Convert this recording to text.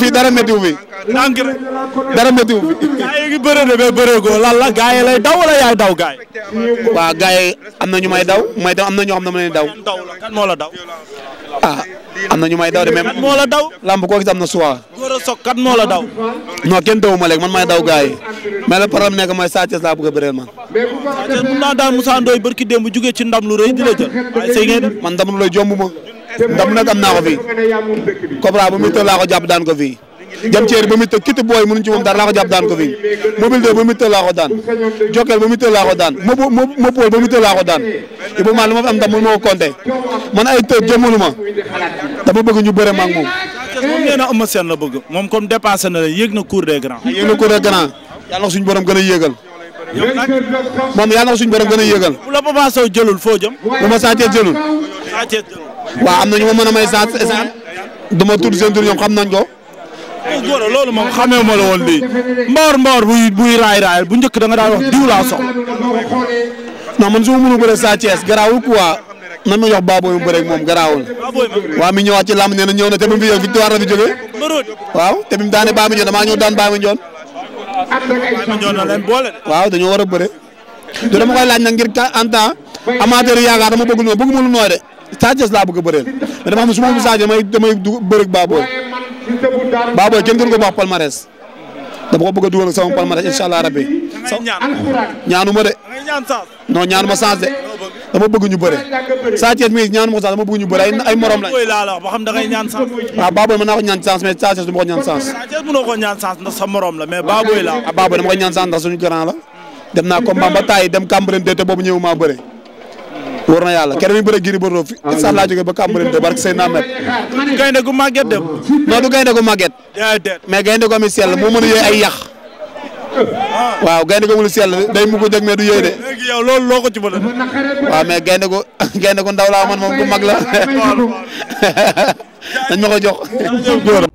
fii dara méttiwu fi. ndànk dara méttiwu fi. gaa yi ngi bëree de mais bëree goo la gaa yi lay daw wala yaay daw gaa yi. waaw gaa yi am na ñu may daw am na ñoo ma leen daw. kan moo la daw. ah am na ñu may daw de mais. kan la daw. lamb koo na suwa. a sok kan moo la daw. non kenn dawu ma léegi man may daw gaa yi mais le problème nekk mooy Sa Thiès laa bëgg a bëreel man. Sa Thiès mun naa daan Moussa Ndoye barki démb lu rëy di la man ndam lu rëy jomb ma. ndam nag am naa ko fii Cobra bu muy tël laa ko jàpp daan ko fii jam ceeri ba muy tël kitti booy mënuñ ci moom dara laa ko jàpp daan ko fii mobile de ba muy laa ko daan jokel ba muy tël laa ko daan mopool ba muy laa ko daan Ibou Mal lu ma fi am ndam mënu ma ko compté man ay tëj jëmalu ma dama bëgg ñu bëre ma ak moom moom nee na Eumeu Sène la bëgg moom comme dépassé na la yéeg na cour des grands yéeg na cour des grands yàlla na suñu borom gën a yéegal yow nag na a waaw am na ñu ma mën a may chance instant du ma tudd seen tur ñoom xam nañ ko. loolu moom xamee ma la woon lii mboor mboor buy buy raay bu njëkk da nga daan wax diw laa soxla. non man su ma mënul bëre Sa Thiès garaawul quoi nan ma jox baaboo mu bëre ak moom garaawul. waaw mi ñëwaat ci làmb nee na ñëw na te bi mu fi yow victoire la fi jógee. waaw te bi mu daane Baami Ndione damaa ñëw daan Baami Ndione. waaw dañoo war a bëre. du dama koy laaj gir ngir en temps amateur yaakaar dama bëgg noonu bëgg mu Sadio laa bëgg a bëreel mais dama xam su ma mën Sadio damay damay bëri Baboy Baboy kenn gën ko wax palmarès dama ko bëgg a dugal ak sama palmarès incha allah rabbi. ñaanu ma de. non ma chance de dama bëgg ñu bëre Sadio mi ñaanu ma chance dama bëgg ñu bëre ay ay morom ñaan chance ah, mais Sadio du ma ko ñaan chance. mënoo ko ñaan chance sa morom la mais Baboy la. Ah, Baboy dama ko ñaan chance ndax suñu grand la dem naa combat ba dem Cambérène déet boobu ñëw maa bëre war na yàlla keneen bi bëre bo Bordeaux fi ah, sax laa ah. jógee ba Cambérène barke say naamet gaynde gu màgget gaynde gu màgget mais gaynde gu am sell moo mën a ay yàq ah. waaw gaynde gu amul sell day mu ko jëg mais du yooyu de yow loolu loo ko waaw mais gaynde gu gaynde gu ndaw laa man moom bu mag la dañ ma ko